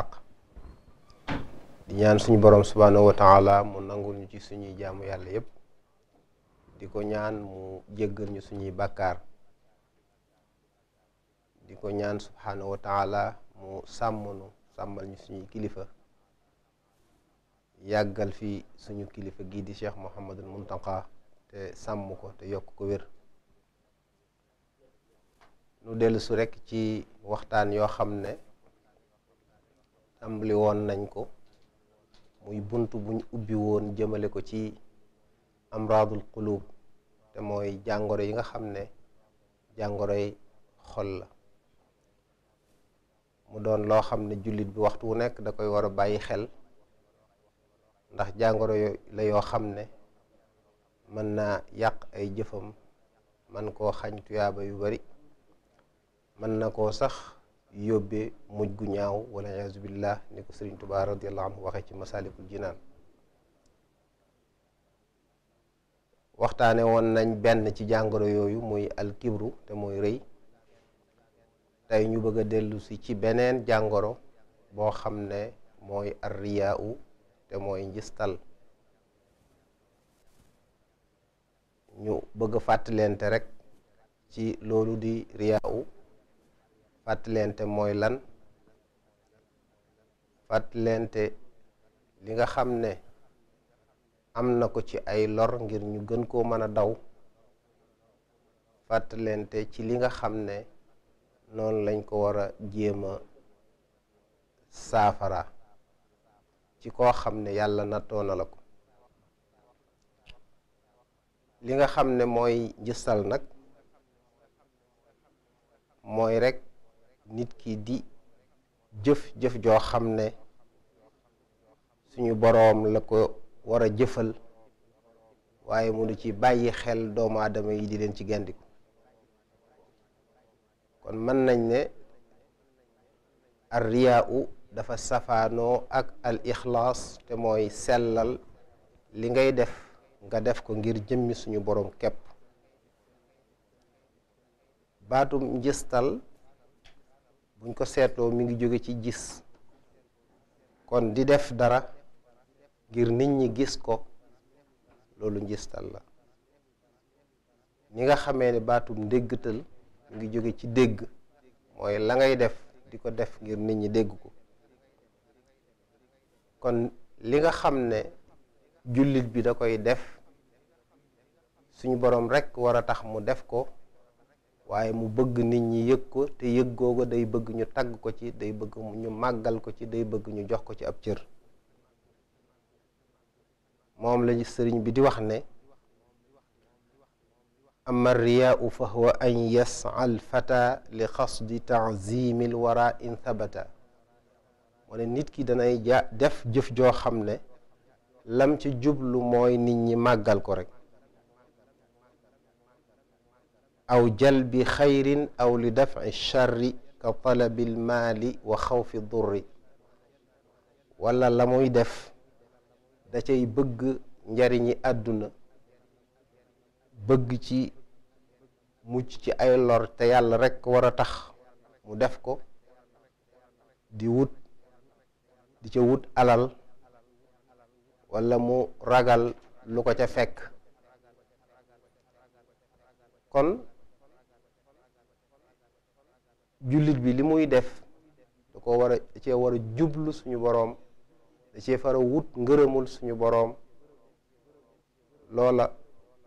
àq di ñaan suñu borom subhaanahu wa taala mu nangul ñu ci suñuy jaamu yàlla yépp di ko ñaan mu jéggal ñu suñuy bàkkaar di ko ñaan subhaanahu wa taala mu sàmmnu sàmmal ñu suñuy kilifa yàggal fi suñu kilifa gii di cheikh Mouhamadul Muntaqa te sàmm ko te yokk ko wér nu dellusu rekk ci waxtaan yoo xam ne tàmbali woon nañ ko muy bunt buñ ubbi woon jëmale ko ci amraadul qulub te mooy jàngoro yi nga xam ne jàngoroy xol la mu doon loo xam ne jullit bi waxtu wu nekk da koy war a bàyyi xel ndax jàngoro la yoo xam ne mën naa yàq ay jëfam man koo xañ tuyaaba yu bari mën na koo sax yóbbe mujj gu ñaaw wala iyaazu billah ni ko sëriñ tubaa radiallahu anhu waxee ci masaalikul jinaan waxtaane woon nañ benn ci jàngoro yooyu muy alkibru te mooy rëy tey ñu bëgg a dellu ci beneen jàngoro boo xam ne mooy arriyaau te mooy njistal ñu bëgg a fàttalente rekk ci loolu di riyaawu fàttalente mooy lan fàttalente li nga xam ne am na ko ci ay lor ngir ñu gën koo mën a daw fàttalente ci li nga xam ne noonu lañ ko war a jéem saafara ci koo xam ne yàlla nattoo na la ko li nga xam ne mooy njësal nag mooy rekk nit ki di jëf jëf joo xam ne suñu boroom la ko wara jëfal waaye mu du ci bàyyi xel doomaadama yi di leen ci gendiku kon mën nañ ne ar u dafa safaanoo ak al ixlaas te mooy sellal li ngay def nga def ko ngir jëmmi suñu boroom képp baatum njistal buñ ko seetoo mu ngi jóge ci gis kon di def dara ngir nit ñi gis ko loolu njistal la ni nga xamee ne baatum ndéggtal mi ngi jóge ci dégg mooy la ngay def di ko def ngir nit ñi dégg ko kon li nga xam ne jullit bi da koy def suñu boroom rekk war a tax mu def ko waaye mu bëgg nit ñi yëg ko te yëg googu day bëgg ñu tagg ko ci day bëgg ñu màggal ko ci day bëgg ñu jox ko ci ab cër moom la sëriñ bi di wax ne ama riyaau fa huwa an yasal fata li xasdi taazimil wara in thabata mu nit ki danay ja def jëf joo xam ne lam ci jublu mooy nit ñi màggal ko rek aw jalbi xayrin aw li dafci charri ka talabi lmaali wa xawfi durri wala la muy def da cay bëgg njariñi àdduna bëgg ci mucc ci ay lor te yàlla rekk wara tax mu def ko di wut di ca wut alal wala mu ragal lu ko ca fekk kon jullit bi li muy def da ko war da cee war jublu suñu boroom da cee fara wut ngërëmul suñu boroom loola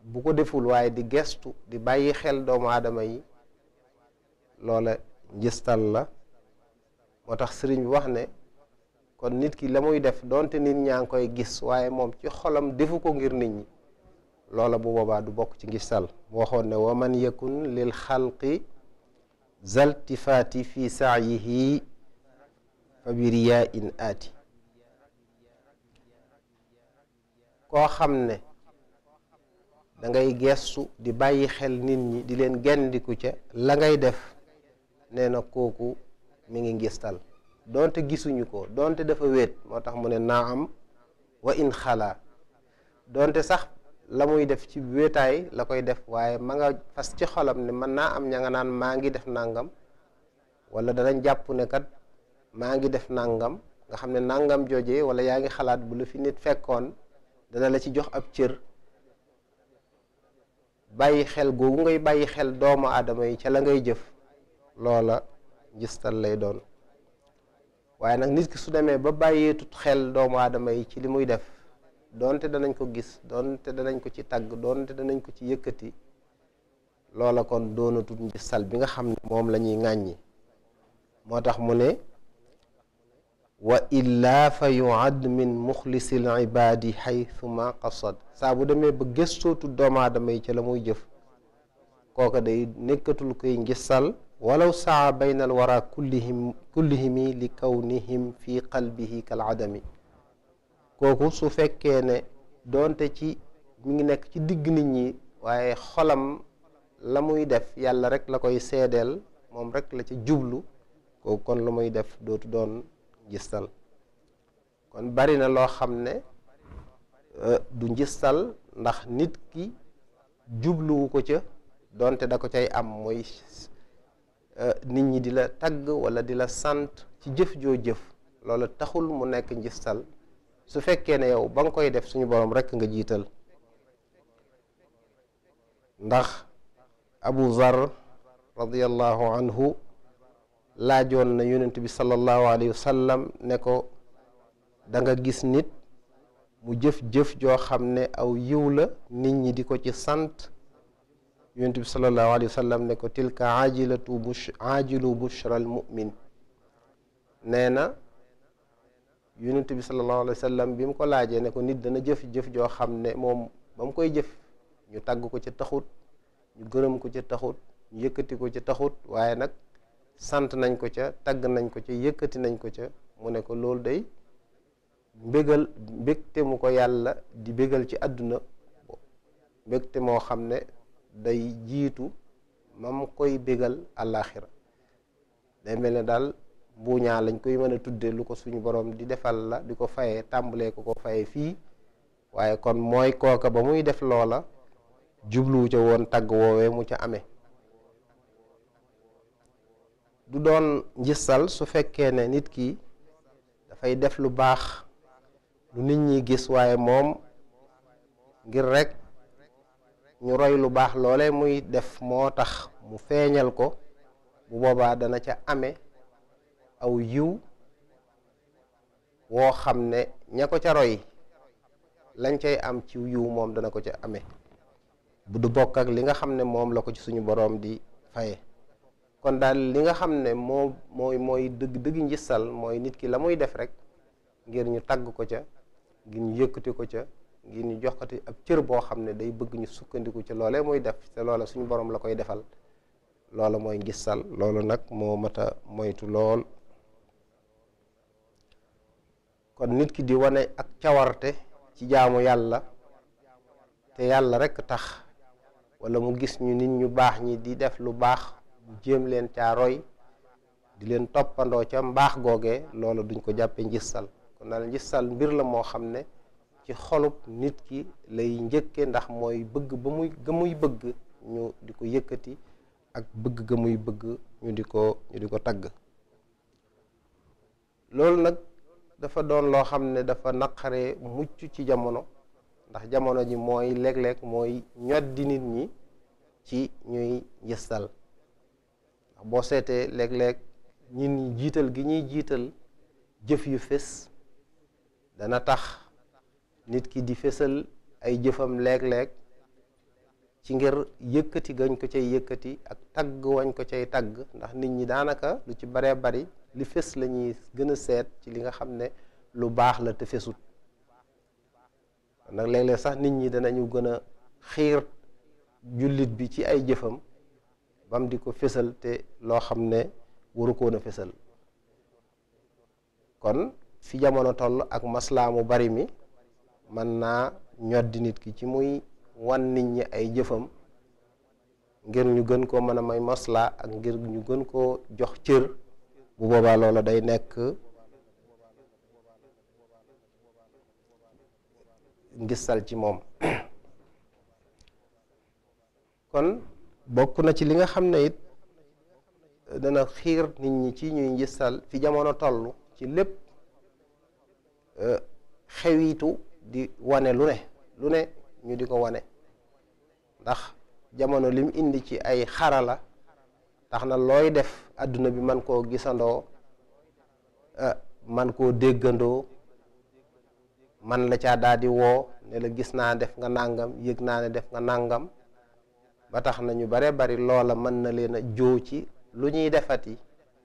bu ko deful waaye di gestu di bàyyi xel doomu aadama yi loola njistal la moo tax sëriñ bi wax ne kon nit ki la muy def donte nit ñaa ngi koy gis waaye moom ci xolam defu ko ngir nit ñi loola bu boobaa du bokk ci ngistal mu waxoon ne waman yakun lil xalqi zaltifaati fi saayihi fa biriyaa in ati koo xam ne dangay ngay di bàyyi xel nit ñi di leen gendiku ca la ngay def nee na kooku mi ngi ngistal doonte gisuñu ko doonte dafa wéet moo tax mu ne naam wa in xalaa doonte sax la muy def ci wéetaay la koy def waaye ma nga fas ci xolam ne mën naa am ña nga naan maa ngi def nangam wala danañ jàpp ne kat maa ngi def nangam nga xam ne nangam jooje wala yaa ngi xalaat bu la fi nit fekkoon dana la ci jox ab cër bàyyi xel googu ngay bàyyi xel doomu aadama yi ca la ngay jëf loola ngistal lay doon waaye nag nit ki su demee ba bàyyeetu xel doomu aadama yi ci li muy def doonte danañ ko gis doonte danañ ko ci tagg doonte danañ ko ci yëkkati loola kon doonatul njistal bi nga xam ne moom lañuy ñuy ŋàññi moo tax mu ne wa illaa fa yuad min muxlisil ibaadi saa bu demee ba gëstootu doomu aadama yi ca la muy jëf kooka day nekkatul koy njistal walaw saa bayna al wara kullihim kullihimi li kawnihim fi qalbihi kal kooku su fekkee ne doonte ci mu ngi nekk ci digg nit ñi waaye xolam la muy def yàlla rek la koy seedeel moom rek la ci jublu kooku kon lu muy def dootu doon njistal kon bari na loo xam ne euh, du njistal ndax nit ki jubluwu ko ca doonte da ko cay am mooy euh, nit ñi di la tagg wala di la sant ci jëf joo jëf loolu taxul mu nekk njistal su fekkee ne yow ba nga koy def suñu borom rekk nga jiital ndax abu zar radiallahu anhu laajoon na yonent bi sallallahu alayhi wa ne ko danga gis nit mu jëf-jëf joo xam ne aw yiw la nit ñi di ko ci sant yonent bi sallallahu alayhi wa sallam ne ko tilka ajilatu bush al mu'min nee na yonent bi sallallahu alayhi wa sallam bi mu ko laajee ne ko nit dana jëf jëf joo xam ne moom ba mu koy jëf ñu tagg ko ca taxut ñu gërëm ko ca taxut ñu yëkkati ko ca taxut waaye nag sant nañ ko ca tàgg nañ ko ca yëkkati nañ ko ca mu ne ko loolu day mbégal mbégte mu ko yàlla di bégal ci àdduna mbégte moo xam ne day jiitu mam koy bégal àllaaxira day mel ne daal buuñaa lañ koy mën a tudde lu ko suñu borom di defal la di ko fayee tàmbalee ko ko fayee fii waaye kon mooy kooka ba muy def loola jubluwu ca woon tagg woowee mu ca amee du doon njissal su fekkee ne nit ki dafay def lu baax lu nit ñi gis waaye moom ngir rek ñu roy lu baax loole muy def moo tax mu feeñal ko bu boobaa dana ca ame aw yiw woo xam ne ña ko ca roy lañ cay am ci yiw moom dana ko ca amee bu du bokk ak li nga xam ne moom la ko ci suñu boroom di faye kon daal li nga xam ne moo mooy mooy dëgg dëgg njissal mooy nit ki la muy def rek ngir ñu tagg ko ca ngir ñu yëkkati ko ca ngir ñu jox ko ci ab cër boo xam ne day bëgg ñu sukkandiku ca loolee muy def te loola suñu boroom la koy defal loola mooy njissal loolu nag moo mat moytu lool kon nit ki di wane ak cawarte ci jaamu yàlla te yàlla rekk tax wala mu gis ñu nit ñu baax ñi di def lu baax mu jéem leen caa roy di leen toppandoo ca mbaax googe loolu duñ ko jàppe njissal kon daal njissal mbir la moo xam ne ci xolub nit ki lay njëkke ndax mooy bëgg ba muy ga muy bëgg ñu di ko yëkkati ak bëgg ga muy bëgg di ko ñu di ko tagg loolu nag dafa doon loo xam ne dafa naqare mucc ci jamono ndax jamono ji mooy léeg-léeg mooy ñoddi nit ñi ci ñuy yëstal ndax boo seetee léeg-léeg nit ñi jiital gi ñuy jiital jëf yu fés dana tax nit ki di fésal ay jëfam léeg-léeg ci ngir yëkkati gañ ko cay yëkkati ak tagg wañ ko cay tagg ndax nit ñi daanaka lu ci baree bari li fés lañuy ñuy gën a seet ci li nga xam ne lu baax la te fesut nag léeg-léeg sax nit ñi danañu gën a xiir jullit bi ci ay jëfam bam di ko fésal te loo xam ne waru koon a kon fi jamono toll ak maslaa mu bari mi mën naa ñoddi nit ki ci muy wan nit ñi ay jëfam ngir ñu gën koo mën a may maslaa ak ngir ñu gën koo jox cër bu boobaa day nekk ngistal ci moom kon bokk na ci li nga xam ne it dana xiir nit ñi ci ñuy ngistal fi jamono toll ci lépp eh, xewitu di wane lu ne lu ne ñu di ko wane ndax jamono lim indi ci ay xarala tax na looy def àdduna bi man koo gisandoo eh, man koo déggandoo man la caa daal woo ne la gis naa def nga nàngam yëg naa ne def nga nàngam ba tax na ñu bare bari loola mën na leen a joo ci lu ñuy defati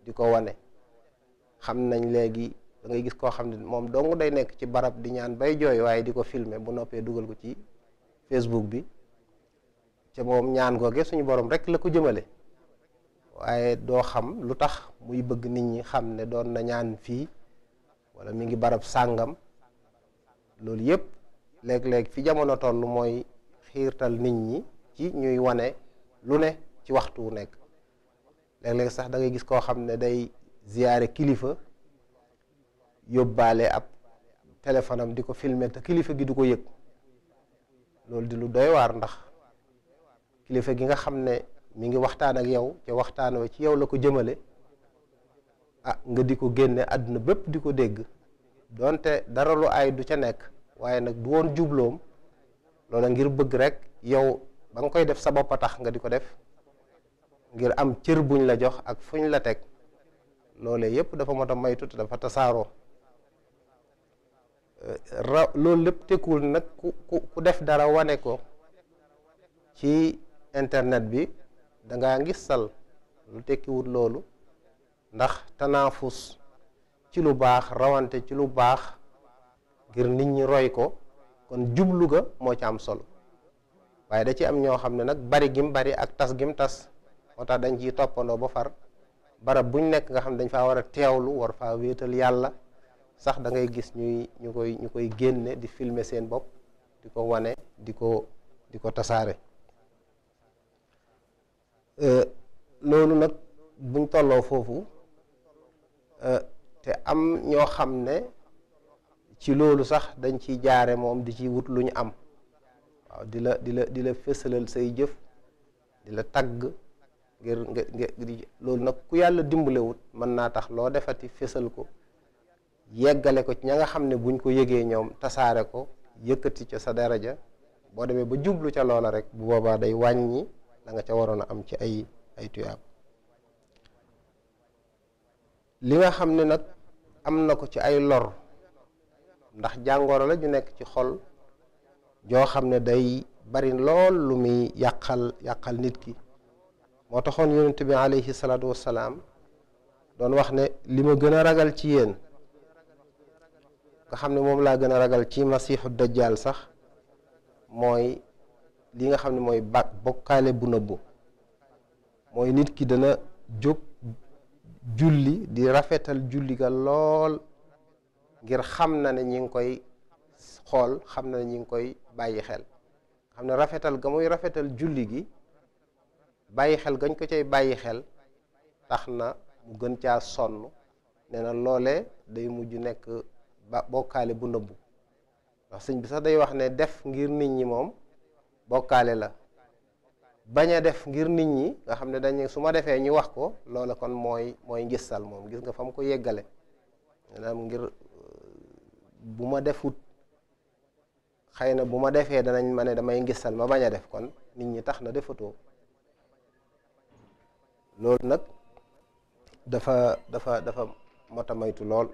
di ko wane xam nañ léegi dangay gis koo xam ne moom dong day nekk ci barab di ñaan bay jooy waaye di ko filme bu noppee dugal ko ci Facebook bi ca moom ñaan googe suñu borom rek la ko jëmale waaye doo xam lu tax muy bëgg nit ñi xam ne doon na ñaan fii walla mu ngi barab sàngam loolu yépp léeg-léeg fi jamono toll mooy xiirtal nit ñi ci ñuy wane lu ne ci waxtu wu nekk léeg-léeg sax dangay gis koo xam ne day ziyaare kilifa yóbbaale ab téléphone di ko filmer te kilifa gi du ko yëg loolu di lu doy ndax kilifa gi nga xam ne mi ngi waxtaan ak yow te waxtaan wa ci yow la ko jëmale ah nga di ko génne àdduna bépp di ko dégg donte dara lu ay du ca nekk waaye nag du woon jubloom loola ngir bëgg rek yow ba nga koy def sa bopp a tax nga di ko def ngir am cër buñ la jox ak fuñ la teg loole yépp dafa mot a maytu te dafa tasaaroo loolu lépp tekkuwul nag ku ku def dara wane ko ci internet bi da ngaa sal lu tekkiwut loolu ndax tanaafus ci lu baax rawante ci lu baax ngir nit ñi roy ko kon jublu ga moo ci am solo waaye da ci am ñoo xam ne nag bari gim bari ak tas gim tas moo tax dañ ciy toppandoo ba far barab buñ nekk nga xam ne dañ fa war a teewlu war faa wéetal yàlla sax dangay gis ñuy ñu koy ñu koy génne di filmer seen bopp di ko wane di ko di ko tasaare Euh, loolu nag buñ tolloo foofu euh, te am ñoo xam ne ci loolu sax dañ ciy jaare moom di ci wut lu ñu am waaw di la di la di la fësalal say jëf di la tagg ngir nga nga loolu nag ku yàlla dimbalewut mën naa tax loo defati fësal ko yeggale ko ci ña nga xam ne buñ ko yegee ñoom tasaare ko yëkkati ca sa daraja boo demee ba jublu ca loola rek bu boobaa day wàññi danga nga ca waroon a am ci ay ay tuyaab li nga xam ne nag am na ko ci ay lor ndax jàngoro la ju nekk ci xol joo xam ne day bari lool lu muy yàqal yàqal nit ki moo taxoon yonent bi alayhi salaatu wassalaam doon wax ne li ma gën a ragal ci yéen nga xam ne moom laa gën a ragal ci masiixu dajjaal sax mooy lii nga xam ne mooy ba bokkaale bu nëbbu mooy nit ki dana jóg julli di rafetal julli ga lool ngir xam na ne ñi ngi koy xool xam na ne ñi ngi koy bàyyi xel xam ne rafetal ga muy rafetal julli gi bàyyi xel gañ ko cay bàyyi xel tax na mu gën caa sonn nee na loolee day mujj nekk ba bokkaale bu nëbbu ndax sëñ bi sax day wax ne def ngir nit ñi moom bokkaale la bañ a def ngir nit ñi nga xam ne dañ su ma defee ñu wax ko loola kon mooy mooy ngissal moom gis nga fa ma ko yeggale maanaam ngir euh, bu ma defut xëy na bu ma defee danañ ma ne damay ngissal ma bañ a def kon nit ñi tax na defatoo loolu nag dafa dafa dafa matamaytu lool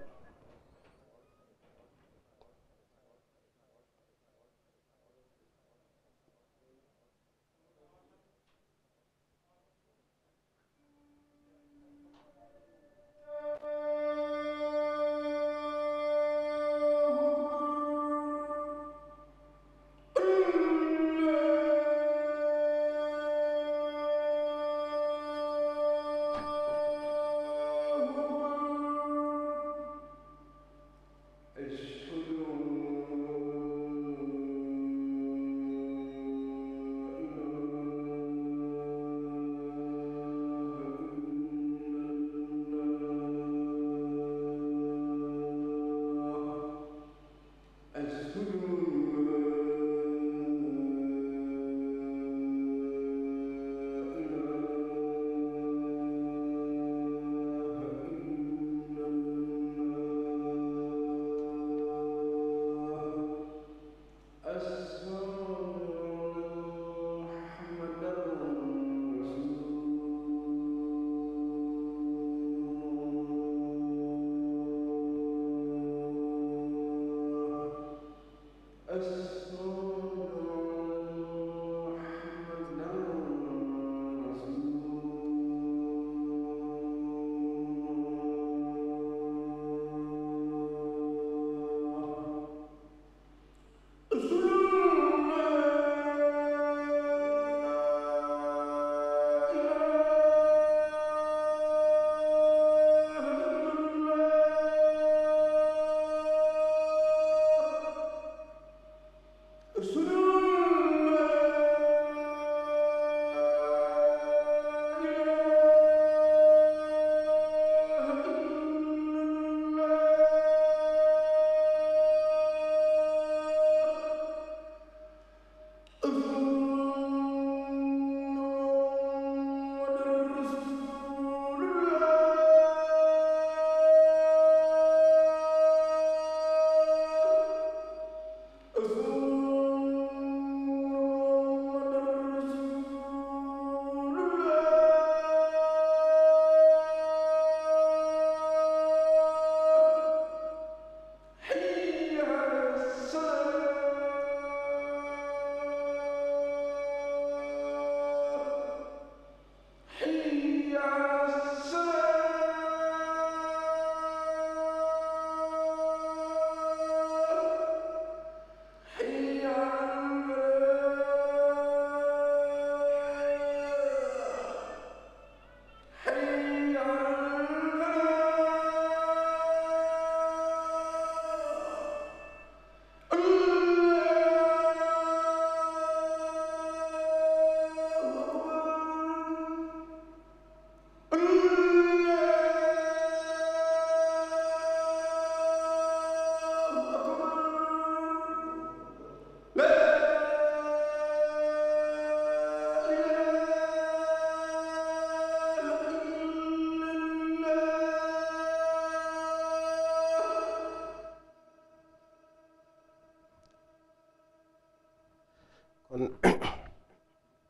kon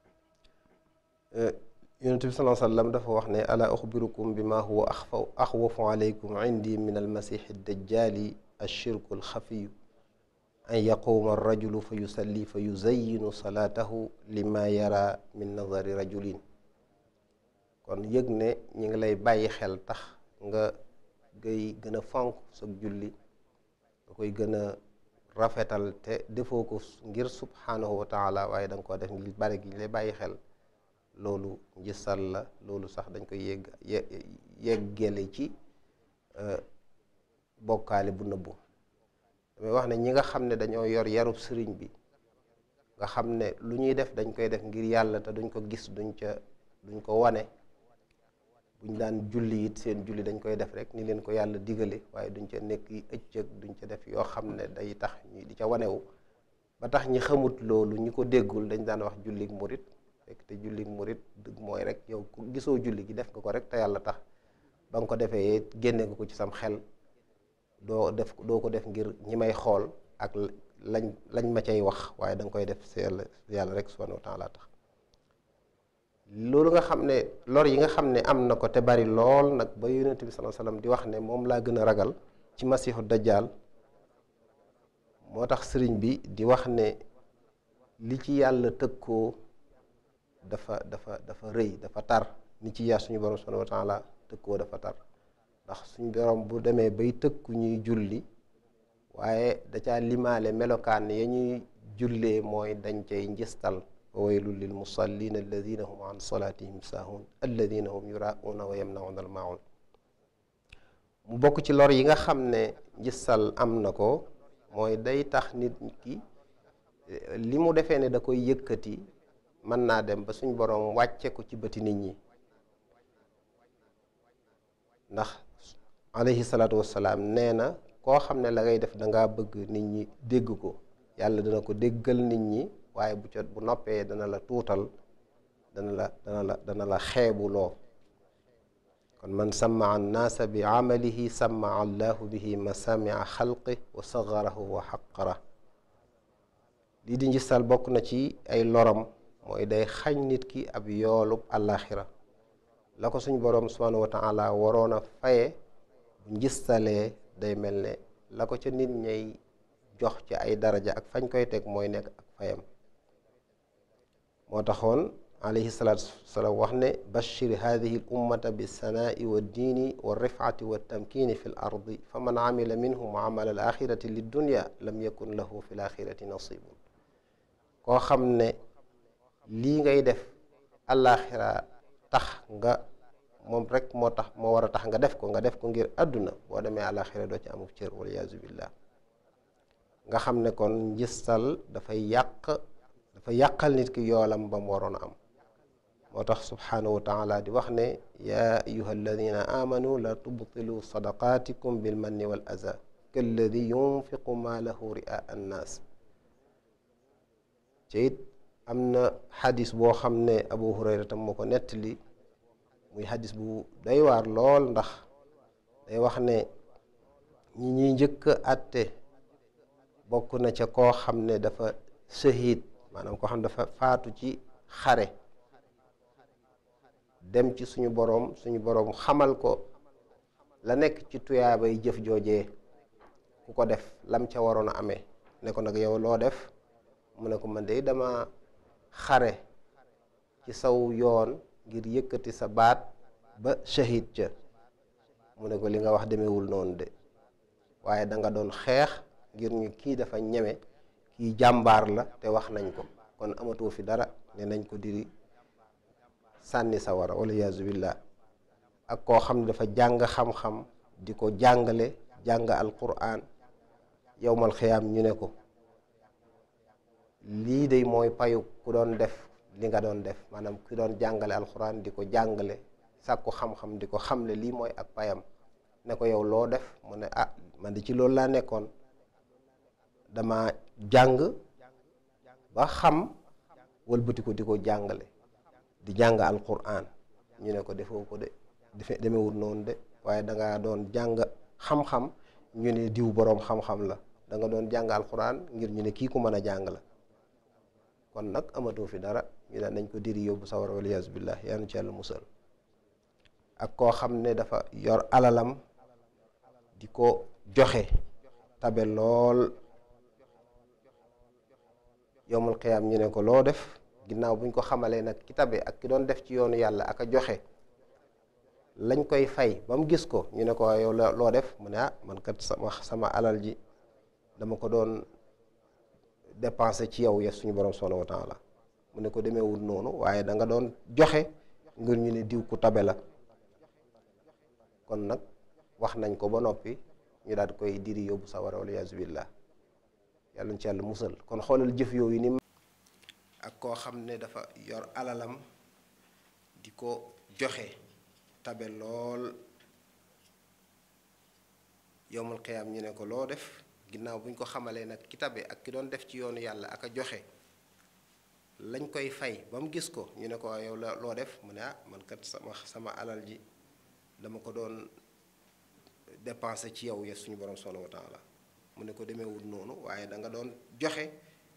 eh, yonent bi sallallahu wa sallam dafa wax ne ala axbirukum bi ma huwa axfa axwafu alaykum indi min almasiixi dajjaali ashirku alxafiyu an yaquuma arrajulu fa yusalli fa yuzayinu salaatahu lima yara min nazari rajulin kon yëg ne ñi ngi lay bàyyi xel tax nga ngay gën a fonk sa julli nga koy gën rafetal te defoo ko ngir subhanahu wa taala waaye da nga koo def ngir bare gi ñu lay bàyyi xel loolu njësal la loolu sax dañ koy yegg yeggale ci euh, bokkaale bu nëbbu damay wax ne ñi nga xam ne dañoo yor yarub sëriñ bi nga xam ne lu ñuy def dañ koy def ngir yàlla te duñ ko gis duñ ca duñ ko wane buñ daan julli it seen julli dañ koy def rek ni leen ko yàlla digale waaye duñ ca nekk yi ëccëg duñ ca def yoo xam ne day tax ñi di ca wanewu ba tax ñi xamut loolu ñu ko déggul dañ daan wax jullig murit fekk te jullig murit dëgg mooy rek yow ku gisoo julli gi def nga ko rek te yàlla tax ba nga ko defee génne nga ko ci sam xel doo def doo ko def ngir ñi may xool ak lañ lañ ma cay wax waaye da koy def si yàlla yàlla rek subhanahu wa laa tax loolu nga xam ne lor yi nga xam ne am na ko te bari lool nag ba yonent bi sallallahu alayhi wasallam di wax ne moom laa gën a ragal ci masiixu dajjaal moo tax sëriñ bi di wax ne li ci yàlla tëkkoo dafa dafa dafa rëy dafa tar ni ci yaa suñu borom subhanahu wa taala tëkkoo dafa tar ndax suñu borom bu demee bay tëkku ñuy julli waaye da caa limaale melokaan ya ñuy jullee mooy dañ cay njistal wa waylun lil musallin alladina hum an salaatihim saahun alladina hum yuraauna wa yamnauna almaun mu bokk ci lor yi nga xam ne gisal am na ko mooy day tax nit ki li mu defee ne da koy yëkkati mën naa dem ba suñ boroom wàcce ko ci bëti nit ñi ndax alayhi salaatu wassalaam nee na koo xam ne la ngay def danga bëgg nit ñi dégg ko yàlla dana ko déggal nit ñi waaye bu ca bu noppee dana la tuutal dana la dana la la xeebuloo kon man samaa annaasa bi amalihi samaa allahu bihi masamia xalqi wa sagarahu wa xaqara lii di njistal bokk na ci ay loram mooy day xañ nit ki ab yoolub àllaaxira la ko suñ boroom subhaanahu wa waroon a faye bu njistalee day mel ne la ko ca nit ñay jox ci ay daraja ak fañ koy teg mooy nekk ak fayam moo taxoon alayhi salaatu wasalaam wax ne bashir hadihi l ummata bilsanaai wa diini wa rifaati wa tamkiini fi l ardi fa man amila minhum amala al axirati liddunia lam yakun lahu fi l axirati nasibun xam ne lii ngay def alaxira tax nga moom rek moo tax moo war a tax nga def ko nga def ko ngir àdduna boo demee alaxira doo ci amuk cër waliyaazu billah nga xam ne kon njistal dafay yàq dafa yàqal nit ki yoolam ba mu waroon a am moo tax subhaanahu wa di wax ne yaa ayuha alladina amanu la tubtilu sadaqaatikum bilmanni wal aza kalladi yunfiqu maalahu ria annaas ci it am na xadis boo xam ne abu hurayra tam moo muy xadis bu doy waar lool ndax day wax ne ñi ñuy njëkk atte bokk na ca koo xam ne dafa sëhiit maanaam koo xam ne dafa faatu ci xare dem ci suñu boroom suñu boroom xamal ko la nekk ci tuyaabay jëf jooje ku ko def lam ca waroon a amee ne ko nag yow loo def mu ne ko man de dama xare ci saw yoon ngir yëkkati sa baat ba shahid ca mu ne ko li nga wax demewul noonu de waaye danga doon xeex ngir ñu kii dafa ñeme kii jàmbaar la te wax nañ ko kon amatoo fi dara ne nañ ko diri sànni sawara wala yaasu billah ak koo xam ne dafa jàng xam-xam di ko jàngale jàng alquran yowmal xiyaam ñu ne ko lii de mooy payu ku doon def li nga doon def maanaam ku doon jàngale alxuraan di ko jàngale sàkku xam-xam di ko xamle lii mooy ak payam ne ko yow loo def mu ne ah man di ci loolu laa nekkoon dama jàng ba xam wëlbati ko di ko jàngale di jàng alquran ñu ne ko defoo ko de defe demewul noonu de waaye dangaa doon jàng xam-xam ñu ne diw boroom xam-xam la danga doon jàng alquran ngir ñu ne kii ku mën a jàng la kon nag amatoo fi dara ñu ne dañ ko diri yóbbu sawar waliyaasu billah yaa nu ci yàlla musal ak koo xam ne dafa yor alalam di ko joxe tabe lool yowmal xiyaam ñu ne ko loo def ginnaaw bu buñ ko xamalee nag ki tabe ak ki doon def ci yoonu yàlla ak a joxe lañ koy fay ba mu gis ko ñu ne ko yow loo def mu ne ah man kat sama sama alal ji dama ko doon dépensé ci yow ya suñu borom subhaanahu wa taala mu ne ko demeewul noonu waaye da nga doon joxe ngir ñu ne diw ku tabe la kon nag wax nañ ko ba noppi ñu daal koy diri yóbbu sawara wala yaasu billah yàlla na ci yàlla musal kon xoolal jëf yooyu ni ak koo xam ne dafa yor alalam di ko joxe tabe lool yowmal xiyaam ñu ne ko loo def ginnaaw buñ ko xamalee nag ki tabe ak ki doon def ci yoonu yàlla ak a joxe lañ koy fay ba mu gis ko ñu ne ko yow la loo def mu ne ah man kat sama sama alal ji dama ko doon dépensé ci yow ya suñu borom subhaanahu wa taala mu ne ko demeewul noonu waaye danga doon joxe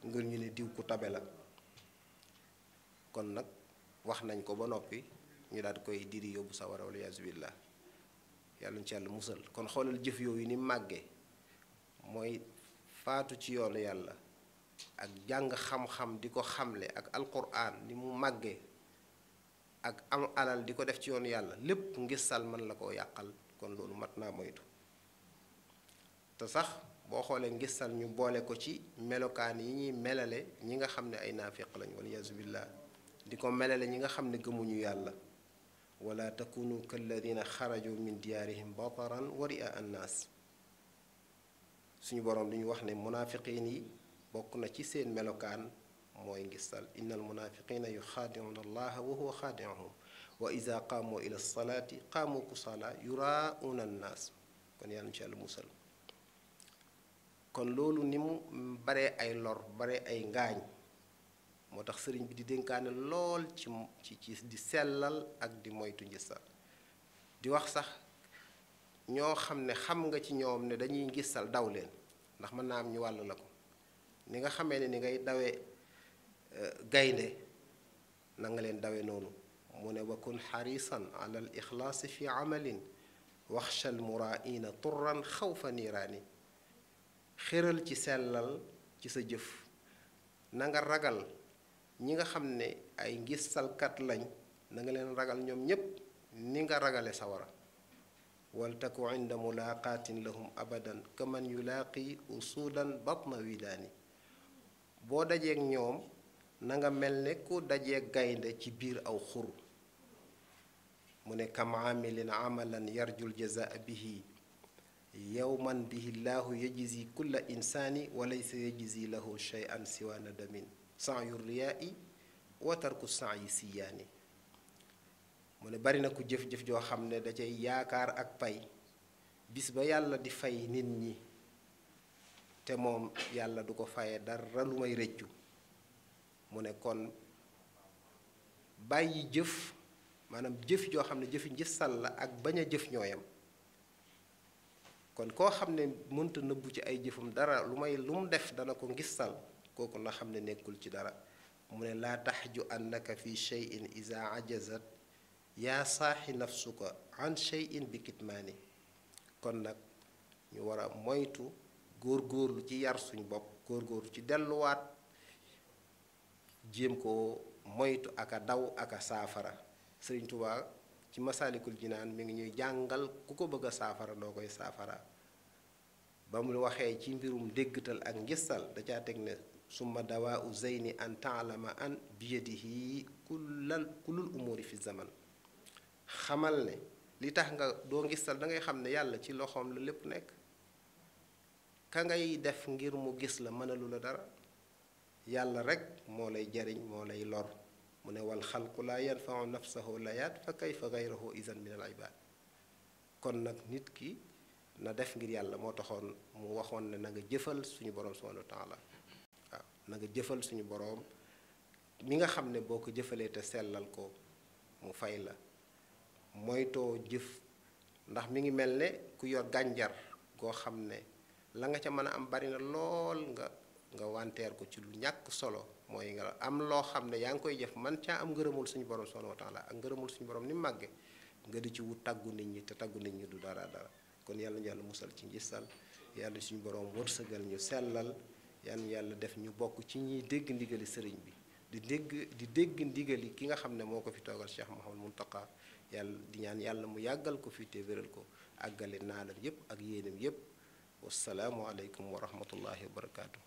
ngir ñu ne diw ku tabe la kon nag wax nañ ko ba noppi ñu daal koy diri yóbbu war wala yaasu billah yàlla ñu ci yàlla musal kon xoolal jëf yooyu ni màggee mooy faatu ci yoonu yàlla ak jàng xam-xam di ko xamle ak alquran ni mu màggee ak am alal di ko def ci yoonu yàlla lépp ngir ngisal mën la koo yàqal kon loolu mat naa moytu te sax boo xoolee ngistal ñu boole ko ci melokaan yi ñuy melale ñi nga xam ne ay naafiq lañ wala yaasu di ko melale ñi nga xam ne gëmuñu yàlla wala takunu kalladina xaraju min diyaarihim bataran wa ria annaas suñu boroom li ñu wax ne munaafiqiin yi bokk na ci seen melokaan mooy ngistal innal munaafiqiina yuxaadicuuna allaha wa huwa xaadicuhum wa ida qaamu ila salaati qaamu kusala yuraauna annaas kon yàlla incha allah kon loolu ni mu baree ay lor bare ay ngaañ moo tax sëriñ bi di dénkaane lool ci ci ci di sellal ak di moytu ngistal di wax sax ñoo xam ne xam nga ci ñoom ne dañuy ngistal daw leen ndax mën naa am ñu wàll la ko ni nga xamee ne ni ngay dawee euh, gaynde nanga leen dawe noonu mu ne wa kun xarisan ala al ixlaasi fi amalin waxshal muraina turran xawfa niiraani xéral ci sellal ci sa jëf nanga ragal ñi nga xam ne ay ngistalkat lañ nanga leen ragal ñoom ñépp ni nga ragale sawara waltaku inda mulaaqaatin lahum abadan kaman yulaaqi usuudan ma widaani boo dajeeg ñoom nanga mel ne ku dajeeg gaynde ci biir aw xur mu ne kam aamilin amalan yarjul jazaa bihi yowman bihi llahu yajzi kulla insaani wa laysa yajzi lahu shay'an siwa nadamin sa'yu riyaai wa tarku yi siyaani mu ne bari na ku jëf-jëf joo xam ne da cay yaakaar ak pay bis ba yàlla di fay nit ñi te moom yàlla du ko faye dara lu may rëccu mu ne kon bàyyi jëf maanaam jëf joo xam ne jëfi njësal la ak bañ a jëf ñooyam kon koo xam ne mënta nëbbu ci ay jëfam dara lu may lu mu def dana ko ngistal kooku na xam ne nekkul ci dara mu ne laa tax ju taxju annaka fi cheyin isa ajazat yaa saaxi nafsuka an cheyin bi kitmaani kon nag ñu war a moytu góorgóorlu ci yar suñ bopp góorgóorlu ci delluwaat jéem ko moytu aka daw aka saafara sëriñ Tuubaa ci masaalikul jinaan mi ngi ñuy jàngal ku ko bëgg a saafara doo koy saafara ba mu waxee ci mbirum déggtal ak ngistal da caa teg ne summa dawaa u zeyni an taalama an biyadihi kullal kullul umuri fi zaman xamal ne li tax nga doo ngistal da ngay xam ne yàlla ci loxoom la lépp nekk ka ngay def ngir mu gis la mënalu dara yàlla rekk moo lay jariñ moo lay lor mu ne wal xalqu laa yanfau nafsahu layaat fa kayfa gayrahu isan min al ibaad kon nag nit ki na def ngir yàlla moo taxoon mu waxoon ne na nga jëfal suñu boroom subhanahu wa taala waaw na jëfal suñu boroom mi nga xam ne boo ko jëfalee te sellal ko mu fay la moytoo jëf ndax mi ngi mel ne ku yor gànjar goo xam ne la nga ca mën a am bari na lool nga nga wanteer ko ci lu ñàkk solo mooy ngelaw am loo xam ne yaa ngi koy jëf man caa am ngërëmul suñu borom subhanahu tax taala ak ngërëmul suñu borom ni mu màggee nga di ci wut tàggu nit ñi te tàggu nit ñi du dara dara kon yàlla ñu yàlla musal ci sal yàlla suñu borom wërsëgal ñu sellal yàlla ñu yàlla def ñu bokk ci ñuy dégg ndigali sëriñ bi di dégg di dégg ndigali ki nga xam ne moo ko fi toogal Cheikh Mouhamadou Mountakha yàlla di ñaan yàlla mu yàggal ko fii te wéral ko àggale naalam yépp ak yéenam yépp wasalaamualeykum wa rahmatullahi wa barakaatu.